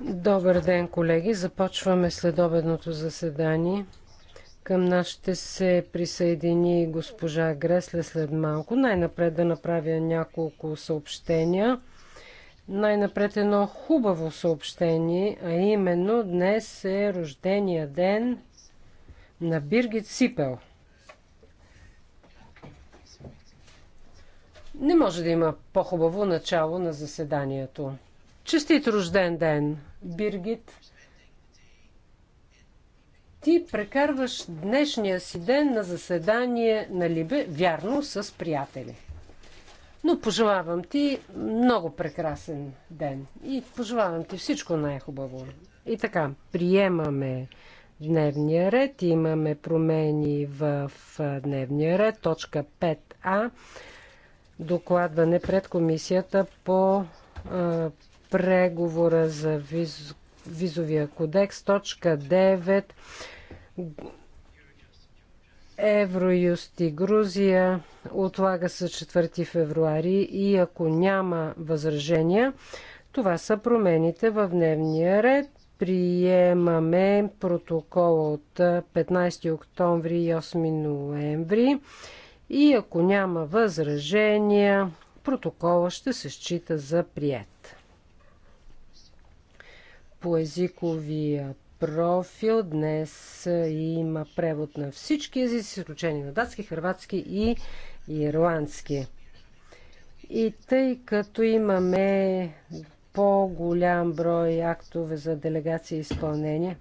Добър ден, колеги. Започваме следобедното заседание. Към нас ще се присъедини госпожа Гресле след малко. Най-напред да направя няколко съобщения. Най-напред едно хубаво съобщение, а именно днес е рождения ден на Биргит Сипел – Не може да има по-хубаво начало на заседанието. Честит рожден ден, Биргит! Ти прекарваш днешния си ден на заседание на Либе, вярно, с приятели. Но пожелавам ти много прекрасен ден и пожелавам ти всичко най-хубаво. И така, приемаме дневния ред, имаме промени в дневния ред, точка 5а докладване пред комисията по а, преговора за виз, визовия кодекс. Точка 9. Евроюст и Грузия отлага се 4 февруари и ако няма възражения, това са промените в дневния ред. Приемаме протокола от 15 октомври и 8 ноември. И ако няма възражения, протокола ще се счита за прият. По езиковия профил днес има превод на всички езици, с изключение на датски, хрватски и ирландски. И тъй като имаме по-голям брой актове за делегация и изпълнение,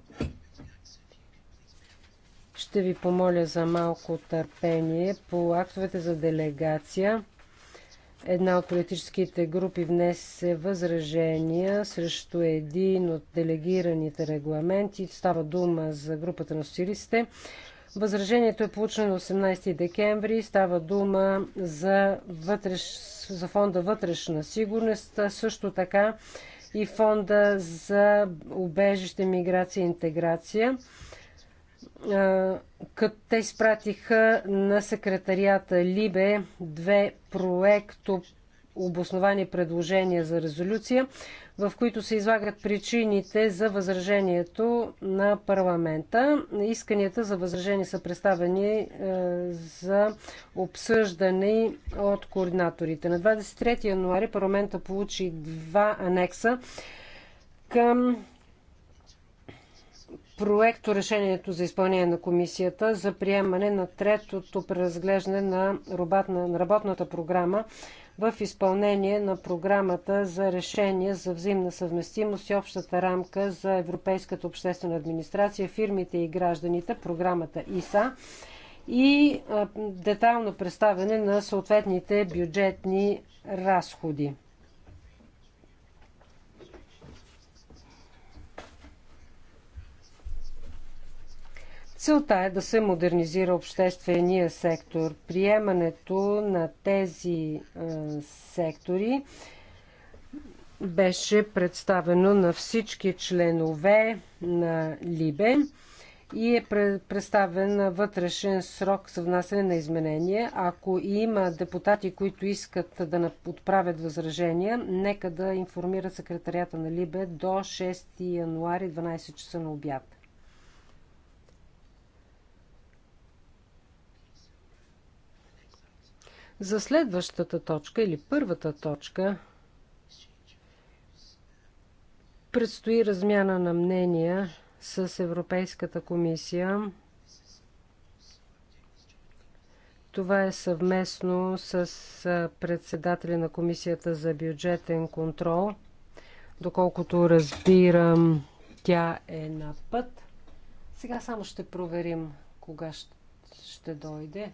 ще ви помоля за малко търпение по актовете за делегация. Една от политическите групи внесе възражения срещу един от делегираните регламенти. Става дума за групата на социалистите. Възражението е получено на 18 декември. Става дума за, вътреш... за фонда вътрешна сигурност, също така и фонда за убежище, миграция и интеграция като те изпратиха на секретарията Либе две проекто обосновани предложения за резолюция, в които се излагат причините за възражението на парламента. Исканията за възражение са представени е, за обсъждане от координаторите. На 23 януари парламента получи два анекса към проекто решението за изпълнение на комисията за приемане на третото преразглеждане на работната програма в изпълнение на програмата за решение за взаимна съвместимост и общата рамка за Европейската обществена администрация, фирмите и гражданите, програмата ИСА и детайлно представяне на съответните бюджетни разходи. Целта е да се модернизира обществения сектор. Приемането на тези е, сектори беше представено на всички членове на Либе и е представен вътрешен срок за внасяне на изменения. Ако има депутати, които искат да отправят възражения, нека да информират секретарията на Либе до 6 януари 12 часа на обяд. За следващата точка или първата точка предстои размяна на мнения с Европейската комисия. Това е съвместно с председателя на Комисията за бюджетен контрол. Доколкото разбирам, тя е на път. Сега само ще проверим кога ще, ще дойде.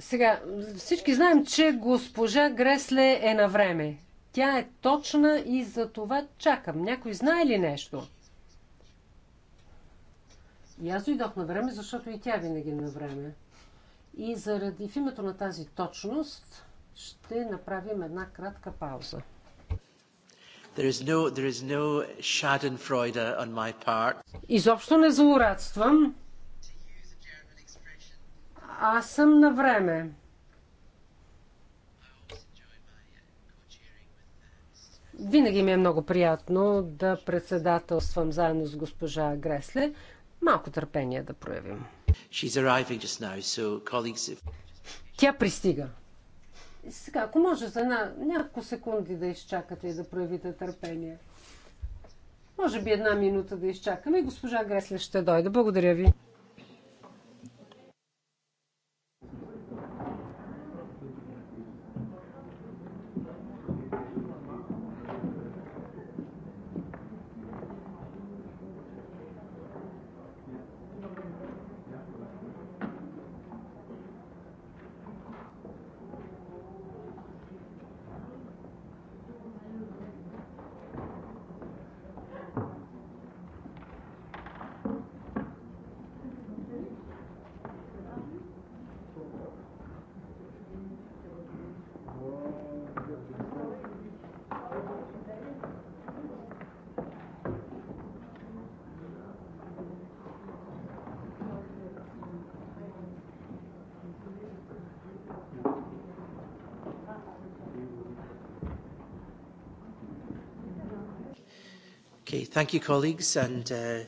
Сега, всички знаем, че госпожа Гресле е на време. Тя е точна и за това чакам. Някой знае ли нещо? И аз дойдох на време, защото и тя винаги е на време. И заради в името на тази точност ще направим една кратка пауза. There is no, there is no Schadenfreude on my part. Изобщо не злорадствам аз съм на време. Винаги ми е много приятно да председателствам заедно с госпожа Гресле. Малко търпение да проявим. Тя пристига. Сега, ако може за една, няколко секунди да изчакате и да проявите търпение. Може би една минута да изчакаме и госпожа Гресле ще дойде. Благодаря ви. Okay, thank you, colleagues, and, uh...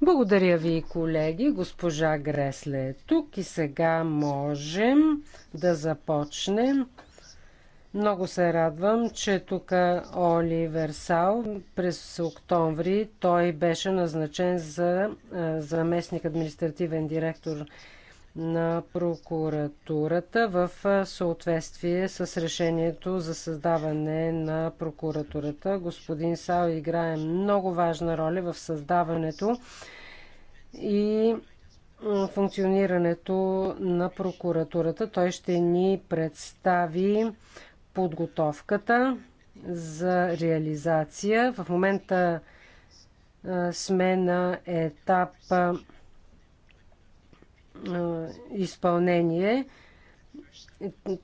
Благодаря ви, колеги. Госпожа Гресле е тук и сега можем да започнем. Много се радвам, че тук Оли Версал през октомври той беше назначен за заместник административен директор на прокуратурата в съответствие с решението за създаване на прокуратурата. Господин Сао играе много важна роля в създаването и функционирането на прокуратурата. Той ще ни представи подготовката за реализация. В момента сме на етап изпълнение.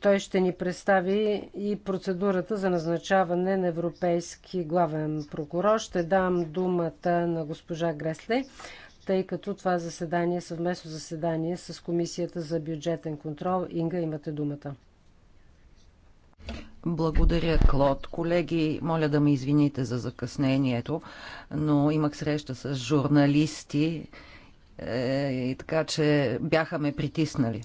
Той ще ни представи и процедурата за назначаване на европейски главен прокурор. Ще дам думата на госпожа Гресле, тъй като това заседание е съвместно заседание с Комисията за бюджетен контрол. Инга, имате думата. Благодаря, Клод. Колеги, моля да ме извините за закъснението, но имах среща с журналисти е, и така, че бяха ме притиснали.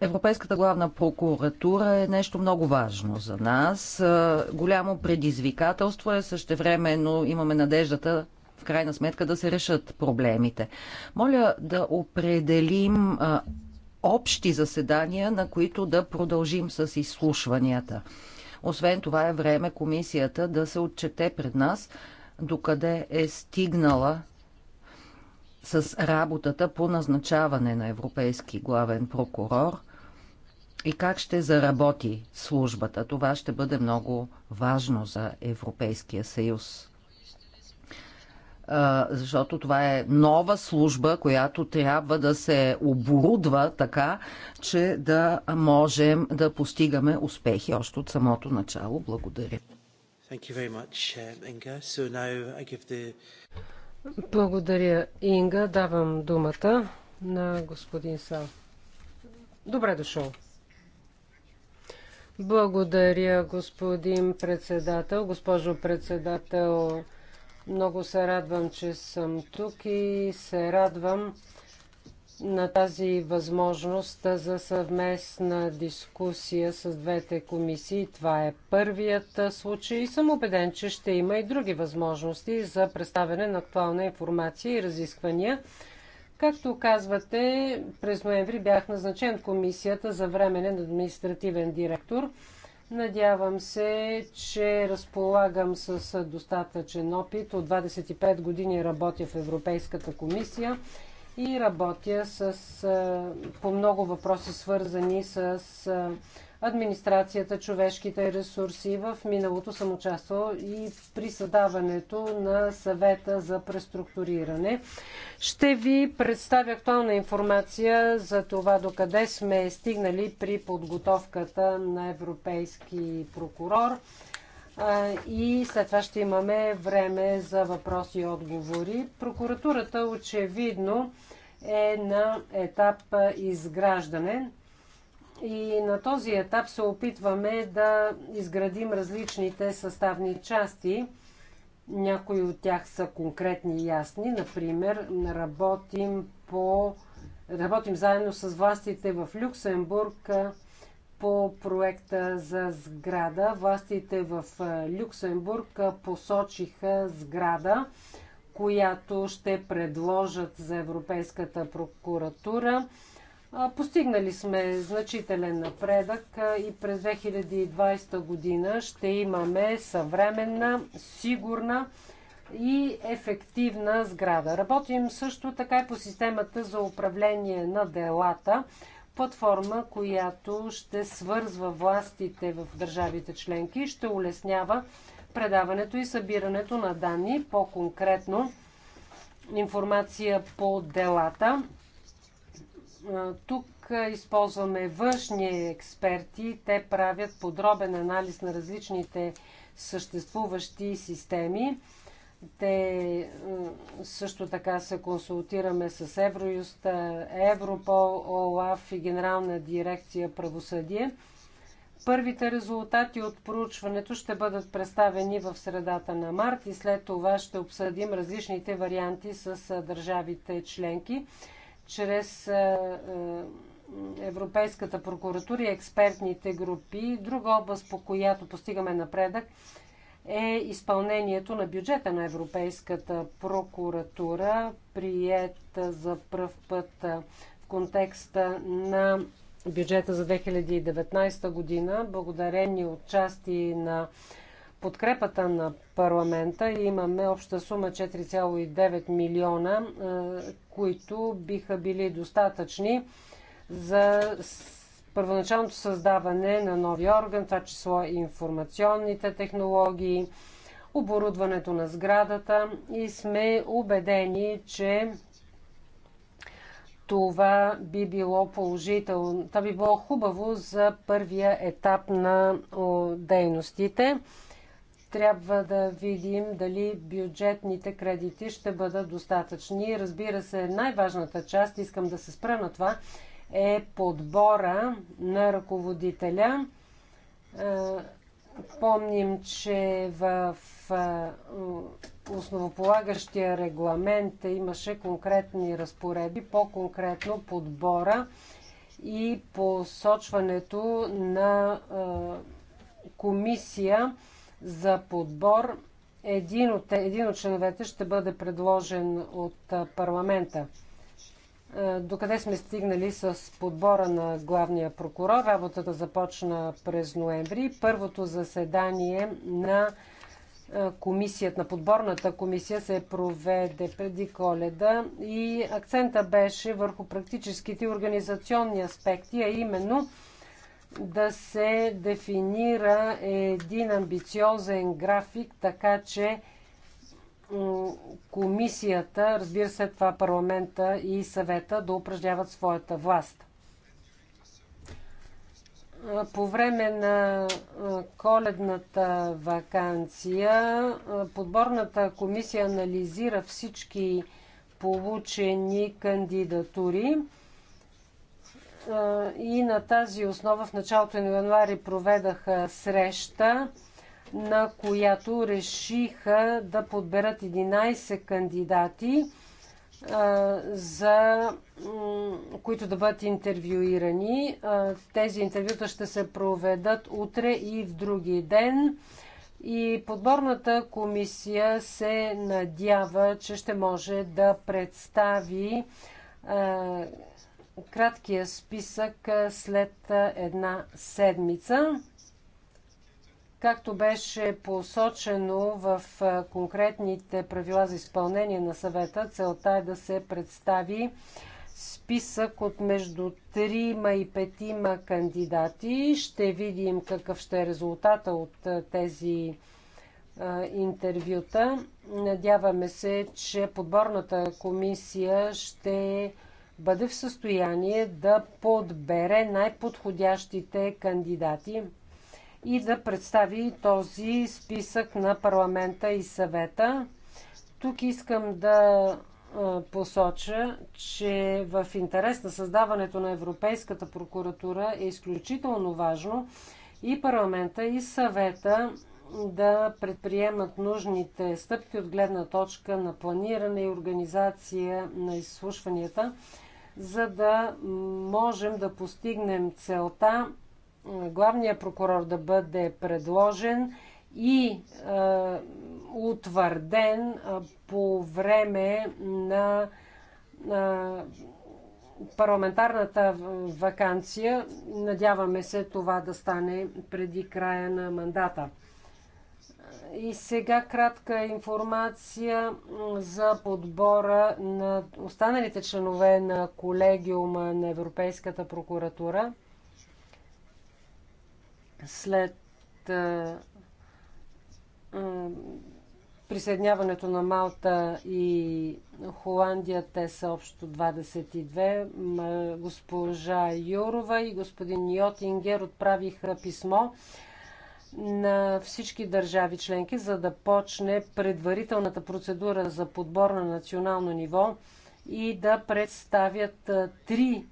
Европейската главна прокуратура е нещо много важно за нас. Голямо предизвикателство е същевременно имаме надеждата в крайна сметка да се решат проблемите. Моля да определим общи заседания, на които да продължим с изслушванията. Освен това е време комисията да се отчете пред нас докъде е стигнала с работата по назначаване на европейски главен прокурор и как ще заработи службата. Това ще бъде много важно за Европейския съюз. Защото това е нова служба, която трябва да се оборудва така, че да можем да постигаме успехи още от самото начало. Благодаря. Thank you very much, uh, Inga. So now I give the... Благодаря, Инга. Давам думата на господин Са. Добре дошъл. Благодаря, господин председател. Госпожо председател, много се радвам, че съм тук и се радвам, на тази възможност за съвместна дискусия с двете комисии. Това е първият случай и съм убеден, че ще има и други възможности за представяне на актуална информация и разисквания. Както казвате, през ноември бях назначен в комисията за временен административен директор. Надявам се, че разполагам с достатъчен опит. От 25 години работя в Европейската комисия и работя с, по много въпроси, свързани с администрацията, човешките ресурси. В миналото съм участвал и при създаването на съвета за преструктуриране. Ще ви представя актуална информация за това докъде сме стигнали при подготовката на европейски прокурор и след това ще имаме време за въпроси и отговори. Прокуратурата очевидно е на етап изграждане. И на този етап се опитваме да изградим различните съставни части. Някои от тях са конкретни и ясни. Например, работим, по... работим заедно с властите в Люксембург по проекта за сграда. Властите в е, Люксембург е, посочиха сграда, която ще предложат за Европейската прокуратура. Е, постигнали сме значителен напредък и през 2020 година ще имаме съвременна, сигурна и ефективна сграда. Работим също така и по системата за управление на делата платформа, която ще свързва властите в държавите членки и ще улеснява предаването и събирането на данни, по-конкретно информация по делата. Тук използваме външни експерти. Те правят подробен анализ на различните съществуващи системи те също така се консултираме с Евроюст, Европол, ОЛАФ и Генерална дирекция правосъдие. Първите резултати от проучването ще бъдат представени в средата на март и след това ще обсъдим различните варианти с държавите членки чрез Европейската прокуратура и експертните групи. Друга област, по която постигаме напредък, е изпълнението на бюджета на Европейската прокуратура, прият за пръв път в контекста на бюджета за 2019 година, благодарение от части на подкрепата на парламента имаме обща сума 4,9 милиона, които биха били достатъчни за първоначалното създаване на нови орган, това число и информационните технологии, оборудването на сградата и сме убедени, че това би било положително. Това би било хубаво за първия етап на дейностите. Трябва да видим дали бюджетните кредити ще бъдат достатъчни. Разбира се, най-важната част, искам да се спра на това, е подбора на ръководителя. Е, помним, че в е, основополагащия регламент имаше конкретни разпоредби, по-конкретно подбора и посочването на е, комисия за подбор. Един от, един от членовете ще бъде предложен от парламента. Е, докъде сме стигнали с подбора на главния прокурор. Работата започна през ноември. Първото заседание на е, комисията, на подборната комисия се проведе преди коледа и акцента беше върху практическите и организационни аспекти, а именно да се дефинира един амбициозен график, така че комисията, разбира се, това парламента и съвета да упражняват своята власт. По време на коледната вакансия подборната комисия анализира всички получени кандидатури и на тази основа в началото на януари проведаха среща на която решиха да подберат 11 кандидати, за които да бъдат интервюирани. Тези интервюта ще се проведат утре и в други ден. И подборната комисия се надява, че ще може да представи краткия списък след една седмица. Както беше посочено в конкретните правила за изпълнение на съвета, целта е да се представи списък от между 3 и 5 кандидати. Ще видим какъв ще е резултата от тези интервюта. Надяваме се, че подборната комисия ще бъде в състояние да подбере най-подходящите кандидати и да представи този списък на парламента и съвета. Тук искам да посоча, че в интерес на създаването на Европейската прокуратура е изключително важно и парламента, и съвета да предприемат нужните стъпки от гледна точка на планиране и организация на изслушванията, за да можем да постигнем целта главния прокурор да бъде предложен и е, утвърден е, по време на е, парламентарната вакансия. Надяваме се това да стане преди края на мандата. И сега кратка информация за подбора на останалите членове на колегиума на Европейската прокуратура – след присъединяването на Малта и Холандия, те са общо 22. Госпожа Юрова и господин Йотингер отправиха писмо на всички държави членки, за да почне предварителната процедура за подбор на национално ниво и да представят три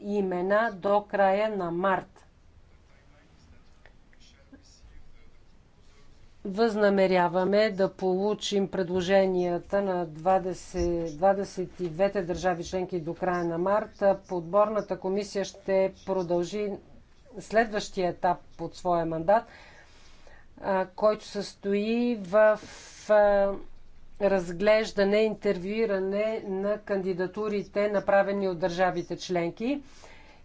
имена до края на март. Възнамеряваме да получим предложенията на 20, 22-те държави членки до края на март. Подборната комисия ще продължи следващия етап от своя мандат, който състои в разглеждане, интервюиране на кандидатурите, направени от държавите членки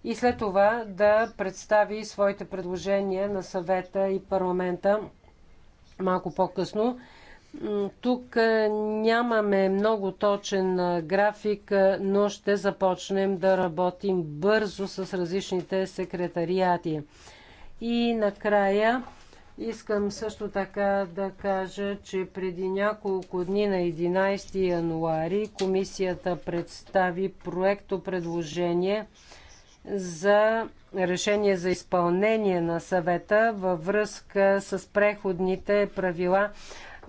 и след това да представи своите предложения на съвета и парламента малко по-късно. Тук е, нямаме много точен е, график, е, но ще започнем да работим бързо с различните секретариати. И накрая искам също така да кажа, че преди няколко дни на 11 януари комисията представи проекто предложение предложение за решение за изпълнение на съвета във връзка с преходните правила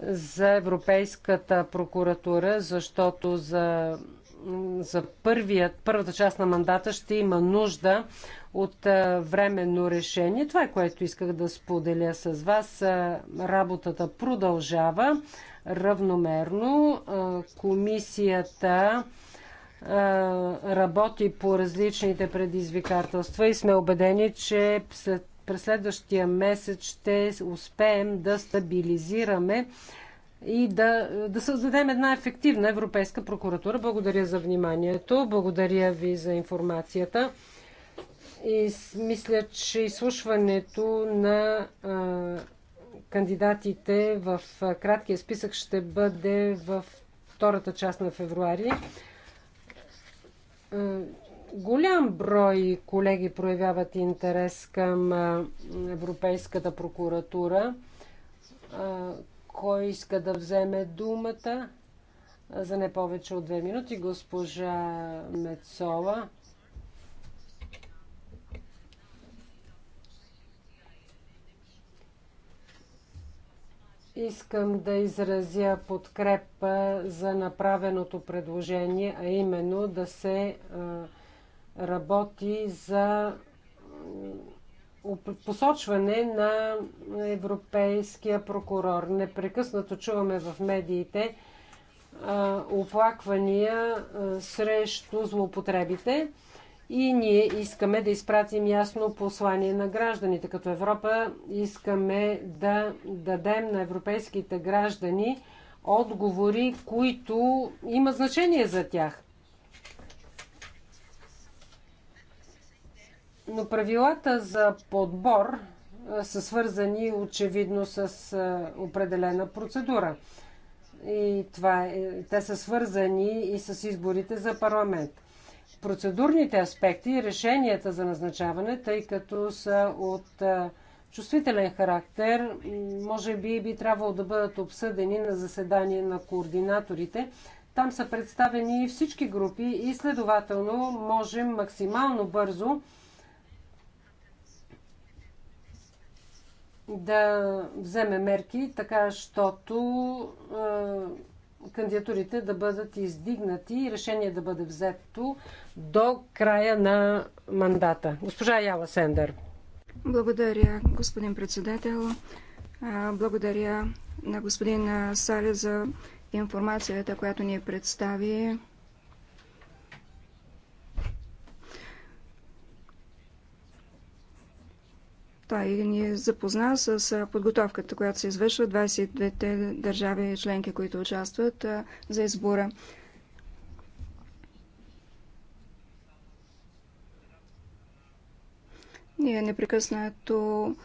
за Европейската прокуратура, защото за, за първият, първата част на мандата ще има нужда от временно решение. Това е което исках да споделя с вас. Работата продължава равномерно. Комисията работи по различните предизвикателства и сме убедени, че през следващия месец ще успеем да стабилизираме и да, да създадем една ефективна Европейска прокуратура. Благодаря за вниманието, благодаря ви за информацията. И мисля, че изслушването на а, кандидатите в краткия списък ще бъде в втората част на февруари. Е, голям брой колеги проявяват интерес към е, Европейската прокуратура. Е, кой иска да вземе думата? За не повече от две минути, госпожа Мецова. Искам да изразя подкрепа за направеното предложение, а именно да се работи за посочване на европейския прокурор. Непрекъснато чуваме в медиите оплаквания срещу злоупотребите. И ние искаме да изпратим ясно послание на гражданите. Като Европа искаме да дадем на европейските граждани отговори, които имат значение за тях. Но правилата за подбор са свързани очевидно с определена процедура. И това, е, те са свързани и с изборите за парламент процедурните аспекти и решенията за назначаване, тъй като са от чувствителен характер, може би би трябвало да бъдат обсъдени на заседание на координаторите. Там са представени всички групи и следователно можем максимално бързо да вземе мерки, така, щото кандидатурите да бъдат издигнати и решение да бъде взето до края на мандата. Госпожа Яла Сендер. Благодаря, господин председател. Благодаря на господин Сале за информацията, която ни представи И ни е запозна с подготовката, която се извършва 22-те държави членки, които участват за избора. Ние непрекъснато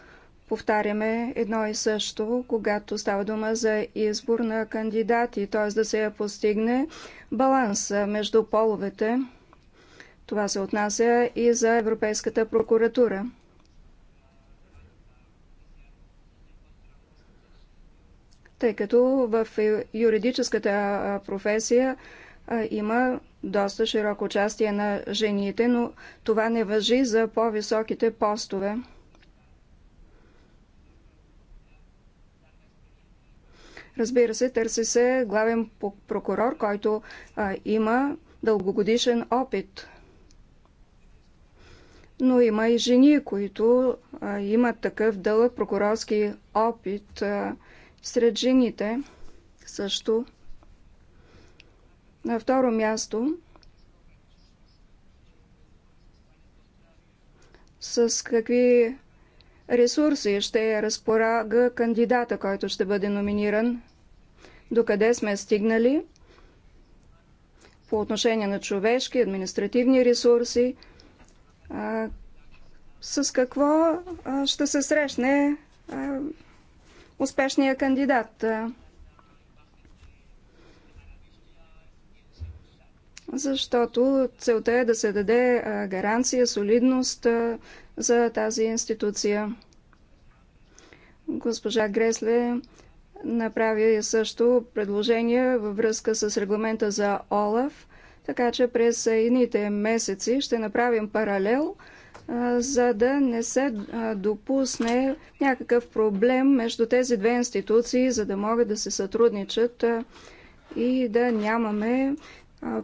повтаряме едно и също, когато става дума за избор на кандидати, т.е. да се постигне баланс между половете. Това се отнася и за Европейската прокуратура. тъй като в юридическата професия има доста широко участие на жените, но това не въжи за по-високите постове. Разбира се, търси се главен прокурор, който а, има дългогодишен опит. Но има и жени, които а, имат такъв дълъг прокурорски опит. А, сред жените също. На второ място с какви ресурси ще разпорага кандидата, който ще бъде номиниран, докъде сме стигнали по отношение на човешки, административни ресурси, с какво ще се срещне успешния кандидат. Защото целта е да се даде гаранция, солидност за тази институция. Госпожа Гресле направи също предложение във връзка с регламента за ОЛАФ, така че през едните месеци ще направим паралел – за да не се допусне някакъв проблем между тези две институции, за да могат да се сътрудничат и да нямаме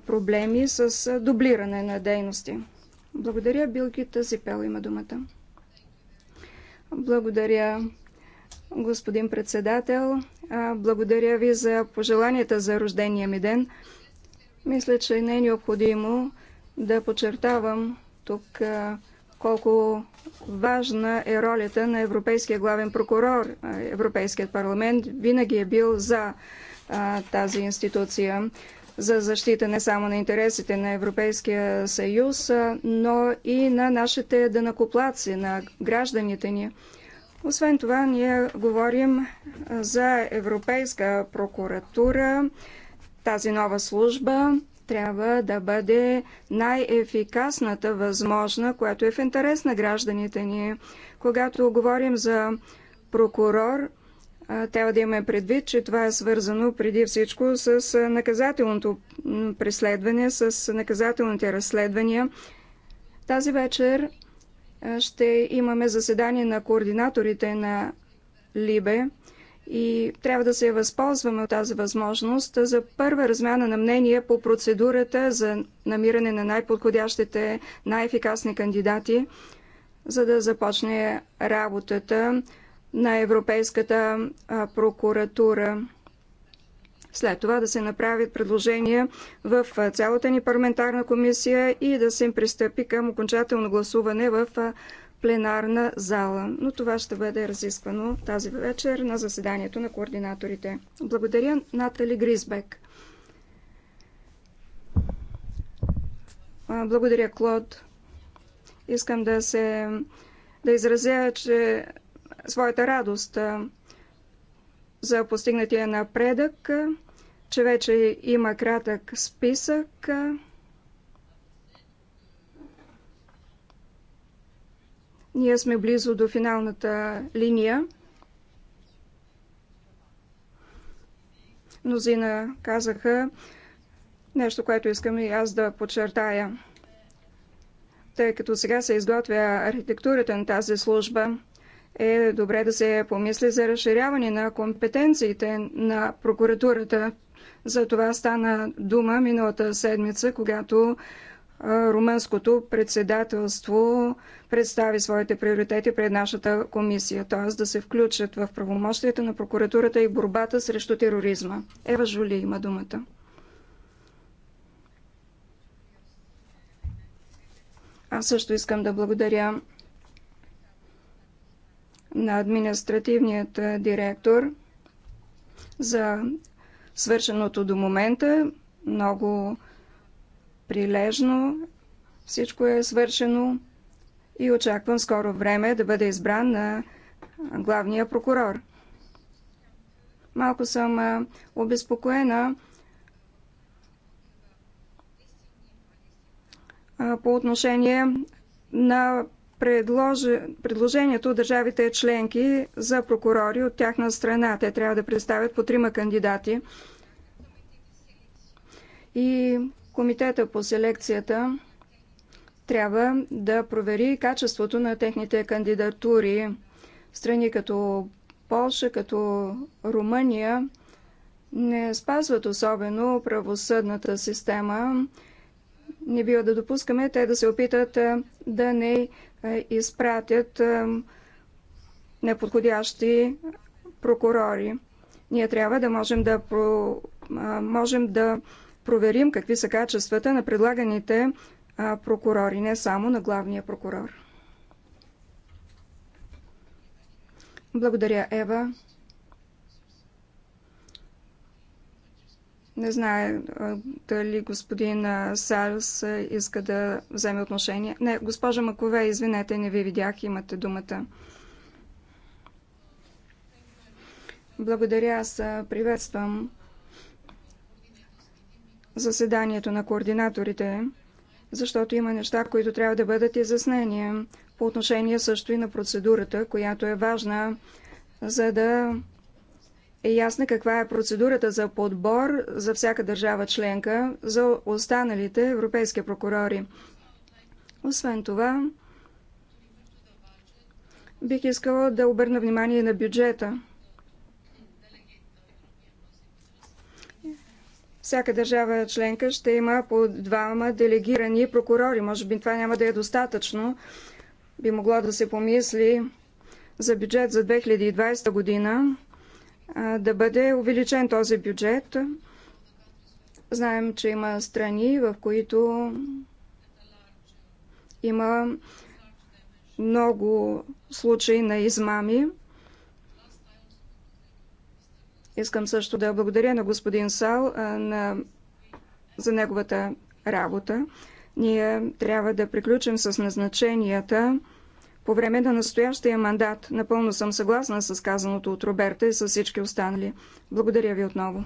проблеми с дублиране на дейности. Благодаря, Билкита Зипел има думата. Благодаря, господин председател. Благодаря ви за пожеланията за рождения ми ден. Мисля, че не е необходимо да подчертавам тук колко важна е ролята на Европейския главен прокурор. Европейският парламент винаги е бил за а, тази институция за защита не само на интересите на Европейския съюз, но и на нашите дънакоплаци, на гражданите ни. Освен това, ние говорим за Европейска прокуратура, тази нова служба, трябва да бъде най-ефикасната възможна, която е в интерес на гражданите ни. Когато говорим за прокурор, трябва да имаме предвид, че това е свързано преди всичко с наказателното преследване, с наказателните разследвания. Тази вечер ще имаме заседание на координаторите на Либе и трябва да се възползваме от тази възможност за първа размяна на мнение по процедурата за намиране на най-подходящите, най-ефикасни кандидати, за да започне работата на Европейската прокуратура. След това да се направят предложения в цялата ни парламентарна комисия и да се пристъпи към окончателно гласуване в пленарна зала, но това ще бъде разисквано тази вечер на заседанието на координаторите. Благодаря, Натали Гризбек. Благодаря, Клод. Искам да се да изразя, че своята радост за постигнатия напредък, че вече има кратък списък Ние сме близо до финалната линия. Мнозина казаха нещо, което искам и аз да подчертая. Тъй като сега се изготвя архитектурата на тази служба, е добре да се помисли за разширяване на компетенциите на прокуратурата. За това стана дума миналата седмица, когато румънското председателство представи своите приоритети пред нашата комисия, т.е. да се включат в правомощията на прокуратурата и борбата срещу тероризма. Ева Жули има думата. Аз също искам да благодаря на административният директор за свършеното до момента. Много прилежно, всичко е свършено и очаквам скоро време да бъде избран на главния прокурор. Малко съм обезпокоена по отношение на предложението от държавите членки за прокурори от тяхна страна. Те трябва да представят по трима кандидати. И Комитета по селекцията трябва да провери качеството на техните кандидатури. Страни като Полша, като Румъния не спазват особено правосъдната система. Не бива да допускаме те да се опитат да не изпратят неподходящи прокурори. Ние трябва да можем да, можем да проверим какви са качествата на предлаганите прокурори, не само на главния прокурор. Благодаря, Ева. Не знае дали господин Сарс иска да вземе отношение. Не, госпожа Макове, извинете, не ви видях, имате думата. Благодаря, аз приветствам заседанието на координаторите, защото има неща, които трябва да бъдат изяснени по отношение също и на процедурата, която е важна, за да е ясна каква е процедурата за подбор за всяка държава членка за останалите европейски прокурори. Освен това, бих искала да обърна внимание на бюджета – Всяка държава членка ще има по двама делегирани прокурори. Може би това няма да е достатъчно. Би могло да се помисли за бюджет за 2020 година, да бъде увеличен този бюджет. Знаем, че има страни, в които има много случаи на измами. Искам също да благодаря на господин Сал на... за неговата работа. Ние трябва да приключим с назначенията по време на настоящия мандат. Напълно съм съгласна с казаното от Роберта и с всички останали. Благодаря ви отново.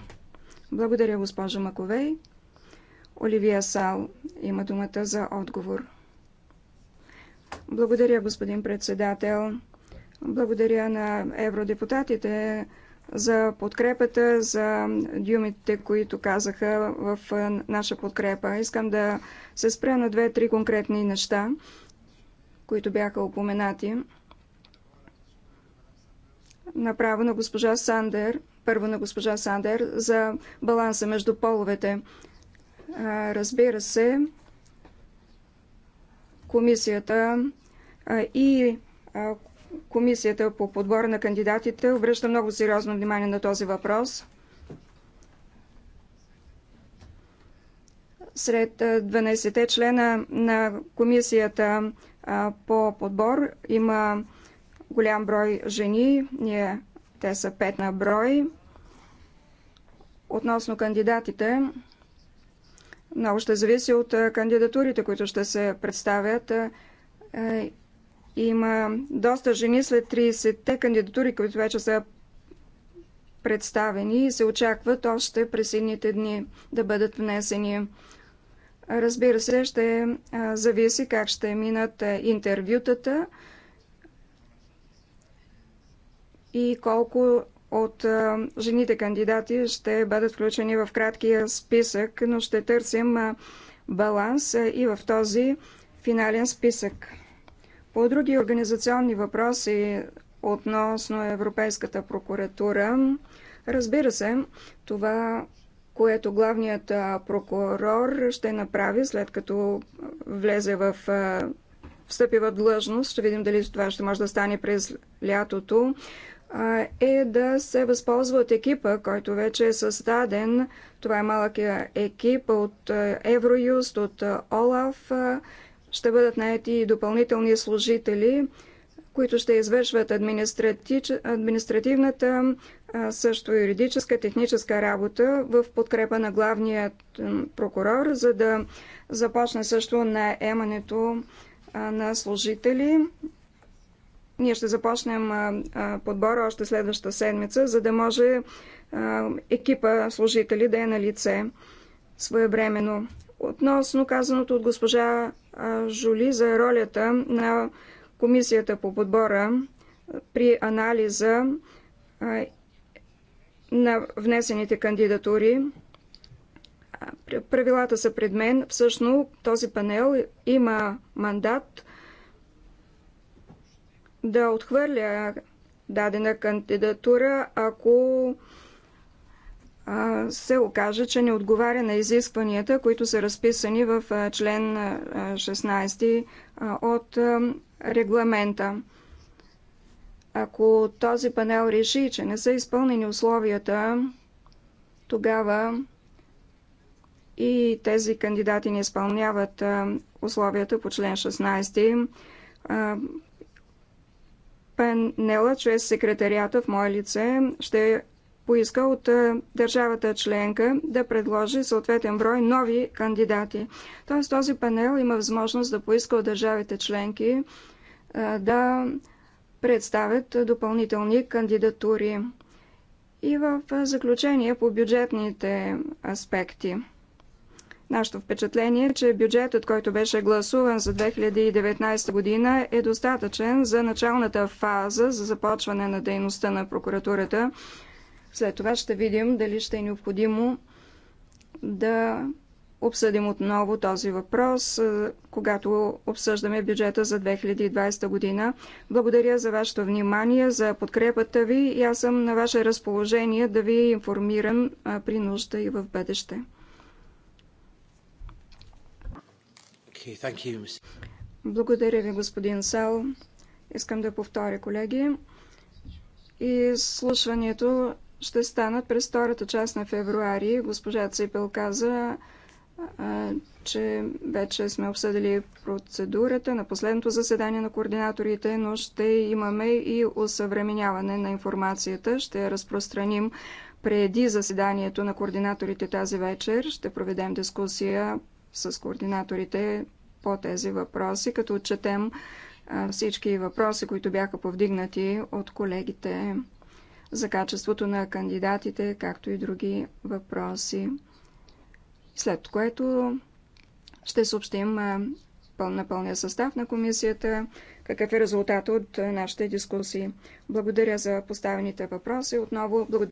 Благодаря, госпожа Маковей. Оливия Сал има думата за отговор. Благодаря, господин председател. Благодаря на евродепутатите за подкрепата, за дюмите, които казаха в наша подкрепа. Искам да се спря на две-три конкретни неща, които бяха упоменати. Направо на госпожа Сандер, първо на госпожа Сандер, за баланса между половете. Разбира се, комисията и Комисията по подбора на кандидатите обръща много сериозно внимание на този въпрос. Сред 12-те члена на комисията по подбор има голям брой жени. Ние, те са 5 на брой. Относно кандидатите, много ще зависи от кандидатурите, които ще се представят е, има доста жени след 30-те кандидатури, които вече са представени и се очакват още през едните дни да бъдат внесени. Разбира се, ще зависи как ще минат интервютата и колко от жените кандидати ще бъдат включени в краткия списък, но ще търсим баланс и в този финален списък. По други организационни въпроси относно Европейската прокуратура, разбира се, това, което главният прокурор ще направи след като влезе в встъпи в длъжност, ще видим дали това ще може да стане през лятото, е да се възползва от екипа, който вече е създаден. Това е малък екип от Евроюст, от ОЛАФ ще бъдат наети и допълнителни служители, които ще извършват административната, също юридическа, техническа работа в подкрепа на главния прокурор, за да започне също наемането на служители. Ние ще започнем подбора още следващата седмица, за да може екипа служители да е на лице своевременно. Относно казаното от госпожа Жули за ролята на Комисията по подбора при анализа на внесените кандидатури, правилата са пред мен. Всъщност този панел има мандат да отхвърля дадена кандидатура, ако се окаже, че не отговаря на изискванията, които са разписани в член 16 от регламента. Ако този панел реши, че не са изпълнени условията, тогава и тези кандидати не изпълняват условията по член 16, панела чрез секретарията в мое лице ще поиска от държавата членка да предложи съответен брой нови кандидати. Тоест този панел има възможност да поиска от държавите членки да представят допълнителни кандидатури. И в заключение по бюджетните аспекти. Нашето впечатление е, че бюджетът, който беше гласуван за 2019 година, е достатъчен за началната фаза за започване на дейността на прокуратурата. След това ще видим дали ще е необходимо да обсъдим отново този въпрос, когато обсъждаме бюджета за 2020 година. Благодаря за вашето внимание, за подкрепата ви и аз съм на ваше разположение да ви информирам при нужда и в бъдеще. Благодаря ви, господин Сал. Искам да повторя, колеги. И слушването ще станат през втората част на февруари. Госпожа Ципел каза, че вече сме обсъдили процедурата на последното заседание на координаторите, но ще имаме и усъвременяване на информацията. Ще разпространим преди заседанието на координаторите тази вечер. Ще проведем дискусия с координаторите по тези въпроси, като отчетем всички въпроси, които бяха повдигнати от колегите за качеството на кандидатите, както и други въпроси. След което ще съобщим на пълния състав на комисията какъв е резултат от нашите дискусии. Благодаря за поставените въпроси. Отново благодаря.